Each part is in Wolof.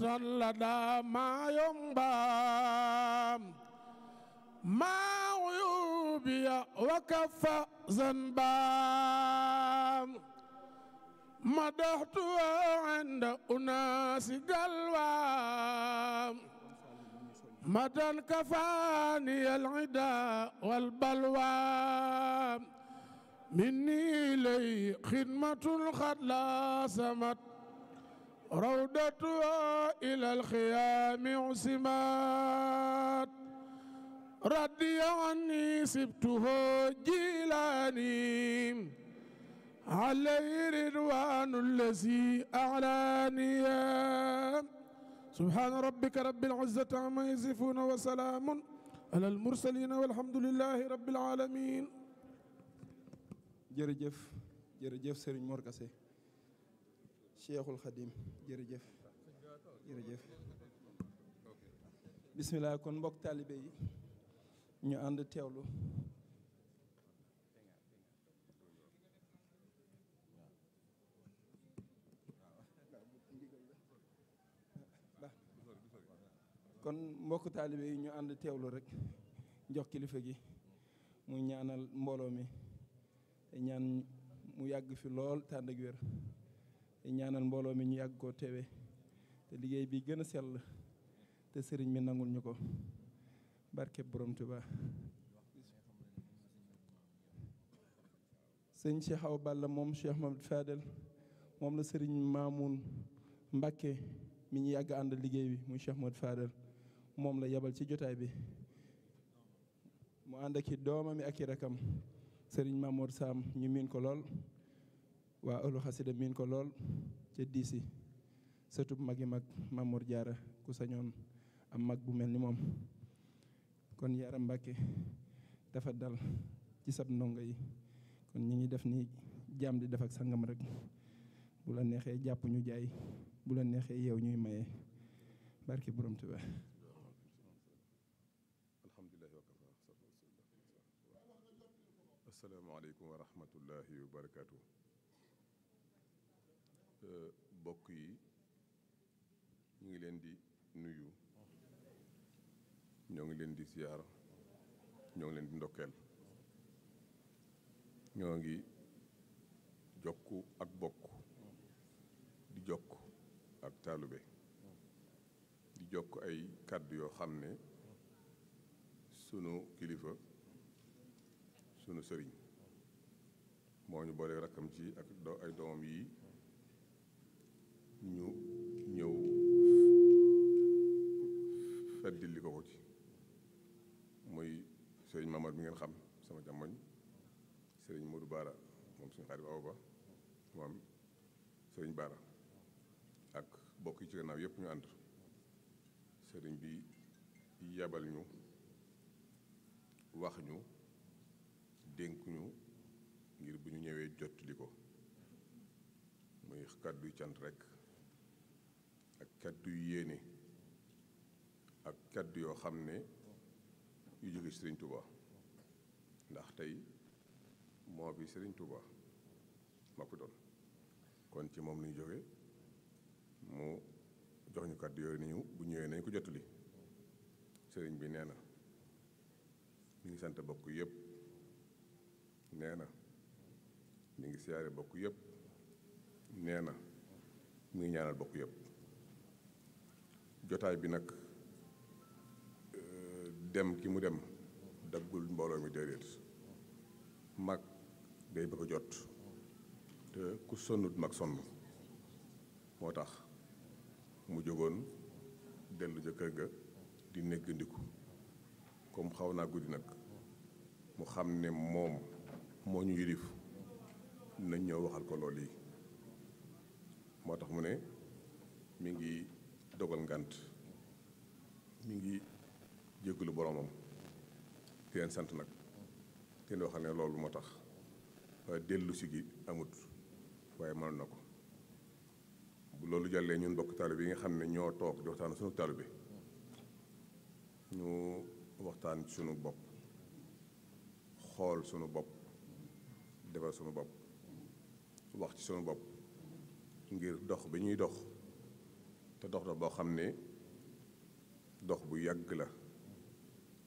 موتا لدى ما ينبام ما عيوبي وكف ذنبام مدحت عند أناس قلوام مدى كفاني العدا والبلوى مني لي خدمة قد لا سمت روضتها إلى الخيام عسمات ردي عني سبته جيلاني عليه رضوان الذي أعلاني سبحان ربك رب العزة عما يصفون وسلام على المرسلين والحمد لله رب العالمين jërëjëf jërëjëf Serigne Mor Kassé Cheikhul Khadim jërëjëf jërëjëf bisimilah kon mbokk taalibe yi ñu ànd teewlu kon mbokk taalibe yi ñu ànd teewlu rek jox kilifa gi mu ñaanal mbooloo mi te ñaan mu yàgg fi lool tànd ak te ñaanal mbooloo mi ñu yàgg koo teewe te liggéey bi gën a la te sëriñ mi nangul ñu ko barke borom Tuubaa sëñ si xaw Balla moom Cheikh Mamadou Fadel moom la sëriñ Mamoun Mbakke mi ñu yàgg ànd liggéey bi muy Cheikh Mamadou Fadel moom la yabal ci jotaay bi mu ànd ak i doomam yi ak i rakam sëriñ Mamour Sam ñu miin ko lool waa ëllu xasida miin ko lool ca diisi sëtub magi mag Mamour Diarra ku sañoon am mag bu mel ni moom kon Yara Mbàkke dafa dal ci sab ndongo yi kon ñi ngi def ni jaam di def ak sangam rek bu la neexee jàpp ñu jaay bu la neexee yow ñuy maye barki borom Tuubaa alhamdulilah wa kafa Euh, bokk yi ñu ngi leen di nuyu ñoo ngi leen di ziar ñoo ngi leen di ndokkeel ñoo ngi jokk ak bokk di jokk ak taalube di jokk ay kàddu yoo xam ne sunu kilifa sunu sëriñ moo ñu boole rakkam ci ak doomam yi ñu ñëw feddi li ko ko ci muy sëriñ Mamar bi ngeen xam sama jàmmoñ sëriñ Modou Baara moom suñu xarit Awa ak bokk yi ci gannaaw yëpp ñu ànd sëriñ bi yabal ñu wax ñu dénk ñu ngir bu ñu ñëwee jot li ko muy kàddu cant rek ak kaddu yu yéene ak kaddu yoo xam ne yu jóge ci sëriñ Touba ndax tey moo bi sëriñ Touba moo ko doon kon ci moom la ñu jóge mu jox ñu kaddu yooyu nañu bu ñëwee nañ ko jotuli sëriñ bi nee na mi ngi sant bokk yëpp nee na mi ngi siyaare bokk yëpp nee na mi ngi ñaanal bokk yëpp jotaay bi nag euh, dem ki mu dem daggul mbooloo mi déedéet mag day bëgg jot te ku sonnut mag sonn moo tax mu jógoon dellu ca ga di néggandiku comme xaw naa guddi nag mu xam ne moom moo ñu yilif nañ ñëw waxal ko lool yi moo tax mu ne mi ngi dogal ngant mu ngi jéggalu boromam di leen sant nag te loo xam ne loolu moo tax waaye dellu gi amut waaye mën na ko bu loolu jàllee ñun bokk taalibe yi nga xam ne ñoo toog di waxtaan sunu bi ñu waxtaan sunu bopp xool sunu bopp defal sunu bopp wax ci sunu bopp ngir dox bi ñuy dox te dox la boo xam ne dox bu yàgg la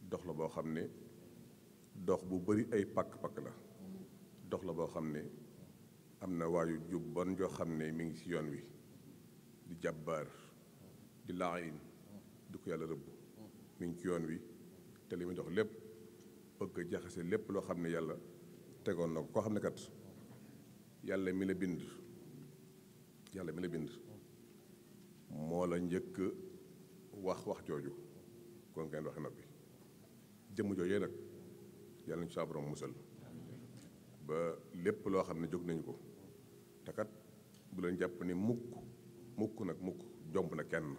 dox la boo xam ne dox bu bari ay pàkk-pàkk la dox la boo xam ne am na waayu jub bon joo xam ne mi ngi ci yoon wi di jabar di laayin du ko yàlla rëbb mi ngi ci yoon wi te li muy dox lépp bëgg a jaxase lépp loo xam ne yàlla tegoon na ko koo xam ne kat yàlla mi la bind yàlla mi la bind moo la njëkk wax wax jooju kon ngeen waxe noppi jëmm joojee nag yàlla ñu saa borom musal ba lépp loo xam ne jóg nañu ko te kat bu leen jàpp ni mukk mukk nag mukk jomb na kenn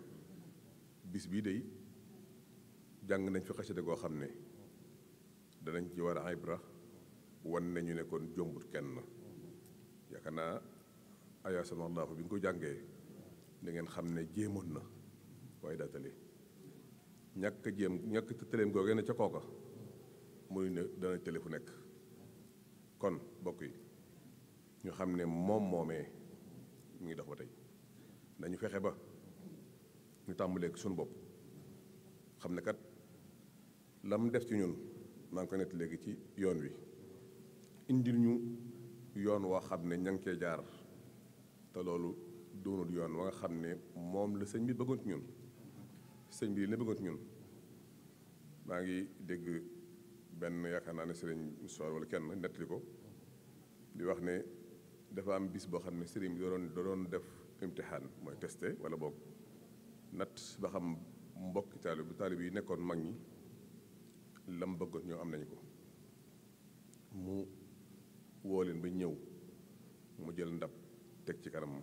bis bii day jàng nañ fi xasida goo xam ne danañ ci war a ibra wan nañu ne kon jombut kenn yaakaar naa ayaasanallahu bi nga ko jàngee da ngeen xam ne jéemoon na waaye daa ñàkk jéem ñàkk tëleem googee na ca kooka muy ne dana tële fu nekk kon bokk yi ñu xam ne moom moomee mu ngi dox ba tey dañu fexe ba ñu tàmbalee suñu bopp xam ne kat lam def ci ñun maa ko nett léegi ci yoon wi indil ñu yoon woo xam ne ña ngi cee jaar te loolu doonul yoon wa nga xam ne moom la sëñ bi bëggoon ci ñun sëñ bi la bëggoon ci ñun maa ngi dégg benn yaakaar naa ne sëriñ Moussa wala kenn nettali ko di wax ne dafa am bis boo xam ne sëriñ bi da doon def imtixaan mooy testé wala bokk natt ba xam mbokki taalib bu taalib yi nekkoon mag ñi lam bëggoon ñoo am nañu ko mu woo leen ba ñëw mu jël ndab teg ci kanam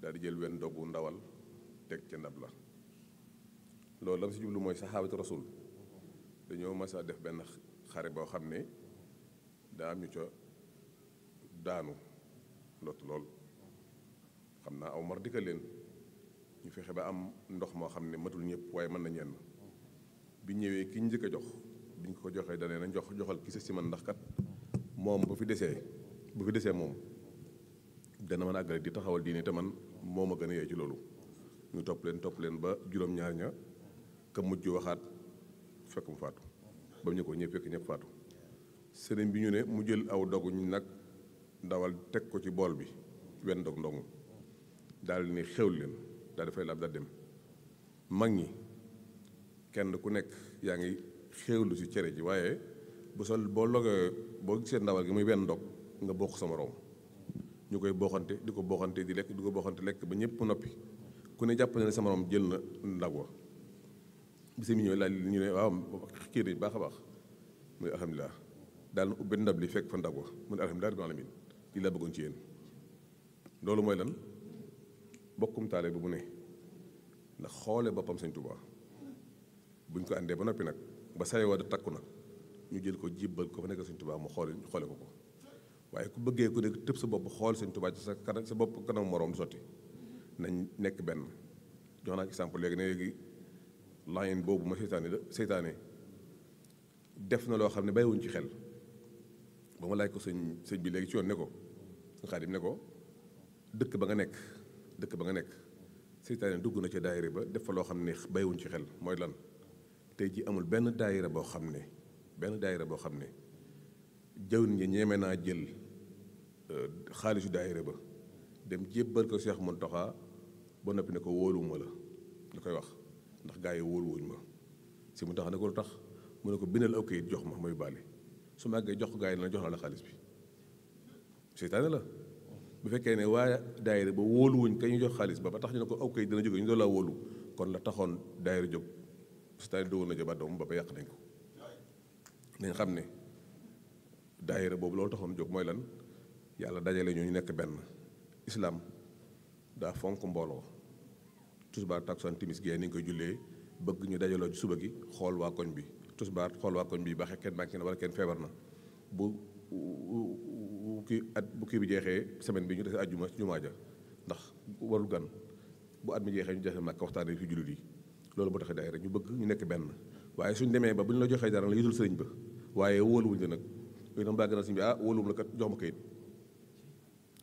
daal di jël wenn doggu ndawal teg ca ndab la loolu lam si jublu mooy saxaabatu rasul dañoo mas def benn xare boo xam ne daa am ñu ca daanu lot lool xam naa aw mar dikka leen ñu fexe ba am ndox moo xam ne matul ñëpp waaye mën na ñenn bi ñëwee ki njëkk a jox biñ ko joxee da na jox joxal ki sa si man ndax kat moom bu fi desee bu fi desee moom dana mën a àggale di taxawal diine te man moo ma gën a yee ci loolu ñu topp leen topp leen ba juróom-ñaar ña ka mujj waxaat fekk mu faatu ba mu ñu ko ñëpp fekk ñëpp faatu sëriñ bi ñu ne mu jël aw dogu nag dawal teg ko ci bool bi wenn dog ndongu daal ni xew leen daal dafay laab daal dem mag ñi kenn ku nekk yaa ngi xewlu cere ji waaye bu sol boo logee boo gisee ndawal gi muy wenn dog nga bokk sama morom ñu koy booxante di ko booxante di lekk di ko booxante lekk ba ñëpp noppi ku ne jàpp na ne sa morom jël na ndab wa bisi mi ñëw laaj ñu ne waaw kii nañ baax a baax mu ne alhamdulilah daal na ubbi ndab li fekk fa ndab wa mu ne alhamdulilah rabbil alamin lii laa bëggoon ci yéen loolu mooy lan bokkum taale bi bu ne ndax xoole boppam Sëñ Tuubaa buñ ko àndee ba noppi nag ba sayewaa da takku nag ñu jël ko jibbal ko fa nekk Sëñ tubaa mu xoole ñu xoole ko ko waaye ku bëggee ku nekk tëb sa bopp xool sëñ Tuubaa ci sa kanam sa bopp kanam moroom sotti nañ nekk benn jox naa exemple léegi ne léegi layen boobu ma seytaane seytaane def na loo xam ne bàyyiwuñ ci xel ba ma laaj ko sëñ sëñ bi léegi ci yoon ne ko sëñ Xaadim ne ko dëkk ba nga nekk dëkk ba nga nekk seytaane dugg na ca daayira ba def fa loo xam ne bàyyiwuñ ci xel mooy lan tey ji amul benn daayira boo xam ne benn daayira boo xam ne jawriñ ji ñeme naa jël euh, xaalisu daayira ba dem jébbal ko Cheikh Mountakha ba noppi ne ko wóoluwuma la da koy wax ndax gaa yi wóoluwuñ ma si mu tax ne ko tax mu ne ko bindal aw kayit jox ma mooy bàlli su màggee jox ko gaa yi na jox na la xaalis bi la bu fekkee ne waa daayira ba wóoluwuñ ka ñu jox xaalis ba ba tax ñu ne ko aw kayit dina jóge ñu doon laa wóolu kon la taxoon daayira jóg seytaane dogal na jabaat doom ba ba yàq nañ ko nañ xam ne daayira boobu loolu taxoon jóg mooy lan yàlla dajale ñoo ñu nekk benn islaam daa fonk mbooloo tusbaar takkusaan timis gee ni nga koy jullee bëgg ñu dajaloo suba gi xool waa koñ bi tusbaar xool waa bi baaxee kenn manqué na wala kenn feebar na bu kii at bu kii bi jeexee semaine bi ñu defee àjjuma ci jumaa ja ndax warul gan bu at mi jeexee ñu joxe màkk waxtaanee fi jullit yi loolu moo tax daayira ñu bëgg ñu nekk benn waaye suñ demee ba bu ñu la joxee dara la yëtul sëriñ ba waaye wóoluwuñ la nag yooyu dama bëgg a sëñ bi ah wóoluwum kat jox ma kayit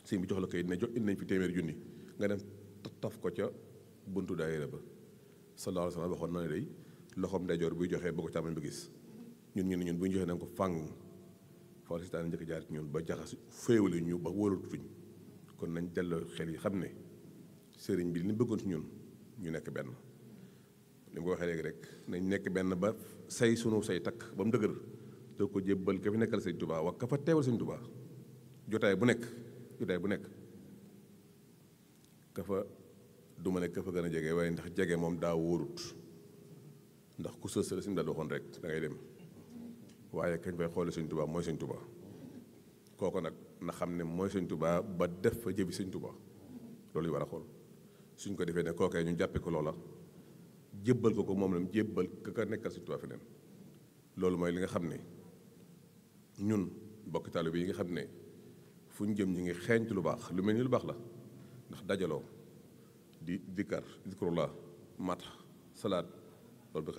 sëñ bi jox la kayit ne jox indi nañ fi téeméer junni nga dem taf ko ca buntu daayira ba sallallahu alayhi wa sallam waxoon buy joxee boo ko ba gis ñun ñu ne ñun bu ñu nañ ko fàng fawal si taan njëkk jaar ci ba jaxas féewali ñu ba wóolatuñ kon nañ delloo xel yi xam ne sëriñ bi li ñu ñun ñu nekk benn li ko waxee léegi rek nañ nekk benn ba say sunu say takk ba mu dëgër doo ko jébbal ka fi nekkal sëñ tubaa wax ka fa teewal sëñ tubaa jotaay bu nekk jotaay bu nekk ka fa du ma ne ka fa gën a jege waaye ndax jege moom daa wóorut ndax ku sës la si mu rek da dem waaye kañ fay xoole sëñ tubaa mooy sëñ tubaa kooku nag na xam ne mooy sëñ tubaa ba def fa jëbi sëñ tubaa loolu yu war a xool suñ ko defee ne kookee ñu jàppee ko loola jëbbal ko ko moom la mu jébbal ka ka nekkal sëñ tubaa feneen loolu mooy li nga xam ne ñun bokki taalibe yi nga xam ne fu ñu jëm ñu ngi xeeñtu lu baax lu mel nii lu baax la ndax dajaloo di dikkar zikrullah mat salaat loolu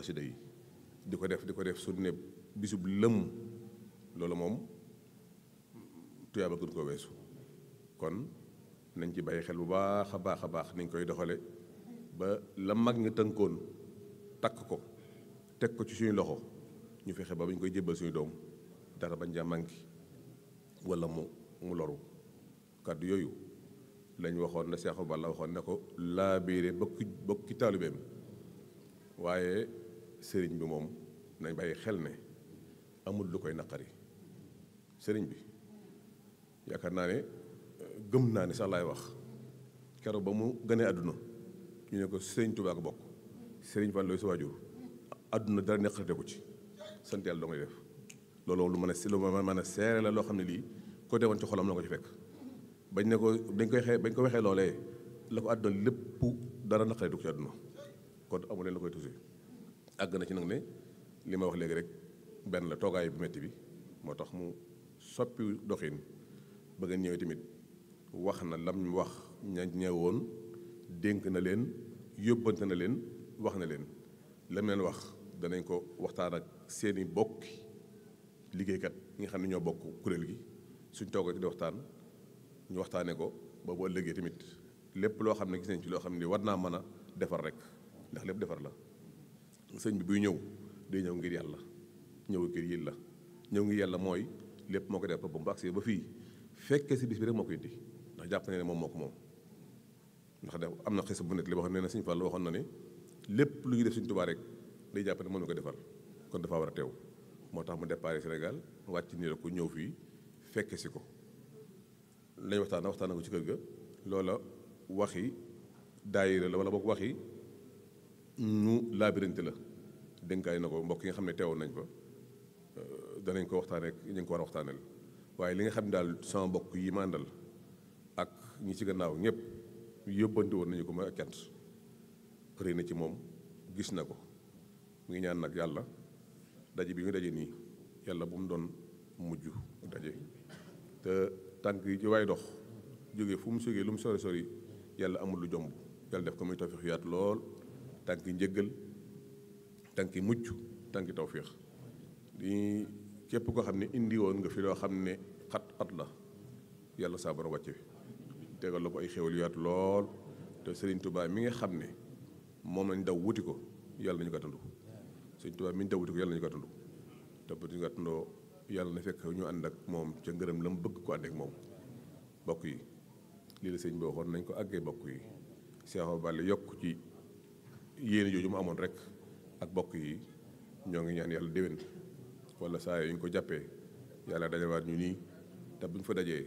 di ko def di ko def su ne bisub lëmm loolu moom tuyaaba gën koo weesu kon nañ ci bàyyi xel bu baax a baax a baax nañ koy doxale ba la mag nga tënkoon takk ko teg ko ci suñu loxo ñu fexe ba bañ koy jébbal suñu doom dara bañ jaa manqué walla mu mu loru kàddu yooyu lañ waxoon na Seexu Balla waxoon ne ko laabiire bokki bokki taalibeem waaye sëriñ bi moom nañ bay xel ne amul lu koy naqari sëriñ bi yaakaar naa ne gëm naa ne sax laay wax keroog ba mu gënee àdduna ñu ne ko sëriñ Tuubaa bokk sëriñ Fallu looy si waajur àdduna dara naqarite ci sant yàlla def looloo lu mën a si lu mën a seere la loo xam ne lii ko deewoon ci xolam la ko ci fekk bañ ne ko dañ koy xee bañ ko waxee loolee la ko àdduna lépp dara naqare du ko ci àdduna kon amu la koy tusi àgg na ci nag ne li ma wax léegi rek benn la toogaay bu metti bi moo tax mu soppi doxin ba ngeen ñëwee tamit wax na lam ñu wax ña ñëwoon dénk na leen yóbbante na leen wax na leen lam leen wax danañ ko waxtaan ak seeni bokki liggéeykat yi nga xam ne ñoo bokk kuréel gi suñ toogati di waxtaan ñu waxtaanee ko ba bu ëllëgee tamit lépp loo xam ne gis nañ ci loo xam ne war naa mën a defar ndax lépp defar la sëñ bi buy ñëw day ñëw ngir yàlla ñëw ngir yil la ñëw ngir yàlla mooy lépp moo ko def ba mu ba fii fekkee bi rek moo ko indi ndax jàpp na ne moom mook moom ndax def am na xis bu nekk li boo xam ne ne sëñ Fall waxoon na ne lépp lu ñuy def sëñ Tuubaa rek day jàpp ne mën na ko defar kon dafa war a teew moo tax ma départ Sénégal wàcc nii la ko ñëw fii fekke si ko lañ waxtaan waxtaan ko ci kër ga loola waxi daayira la wala boog waxi ñu laabirinte la dénkaay na ko mbokk yi nga xam ne teewoon nañ fa euh, danañ ko waxtaan rek ngi ko war a waaye li nga xam ne daal sama mbokk yi màndal àndal ak ñi ci gannaaw ñëpp yóbbanti woon nañu ko ma ak cant rëy na ci moom gis na ko mu ngi ñaan nag yàlla daje bi ñu daje nii yàlla bu mu doon mujj daje te tànk yi ci waay dox jóge fu mu jógee lu mu sori sori yàlla amul lu jomb yàlla def ko muy tawfiix yaatu lool tànk yi njëggal tànk yi mucc képp koo xam ne indi woon nga fi loo xam ne xat xat yàlla saabara wàcce ay xéwal lool te Serigne Touba mi nga xam ne moom lañ daw wuti ko yàlla nañu gàttandu Sëñ Tuubaa mi ñu tawati ko yàlla nañu ko attandu tawati ko attandoo yàlla na fekk ñu ànd ak moom ca ngërëm la mu bëgg ko ànd moom bokk yi lii la sëñ bi waxoon nañ ko àggee bokk yi Seexu Bàll yokk ci yéene jooju mu amoon rek ak bokk yi ñoo ngi ñaan yàlla déwén saa yu ñu ko jàppee yàlla dajawaat ñu nii te bu fa dajee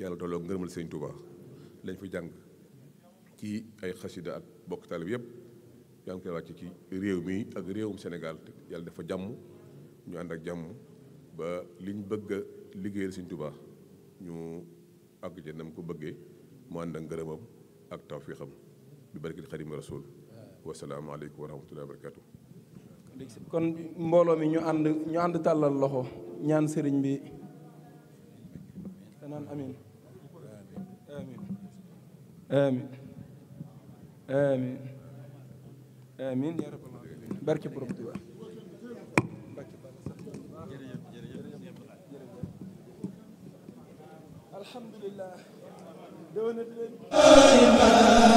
yàlla tolloo ngërëmal sëñ Tuubaa lañ fa jàng ci ay xasida ak bokk taalib yépp yaa ngi koy wàcc ci réew mi ak réewum Sénégal yàlla dafa jàmm ñu ànd ak jàmm ba liñ bëgg a liggéeyal Sëriñ Tuubaa ñu àgg ca nam ko bëggee mu ànd ak ngërëmam ak tawfiixam bi barkil Xaadimu Rasuul wasalaamaaleykum wa rahmatullahi wa barakaatu kon mbooloo mi ñu ànd ñu ànd tàllal loxo ñaan sëriñ bi amiin yaa rabbal aalamiin barke borom Tuubaa alhamdulillah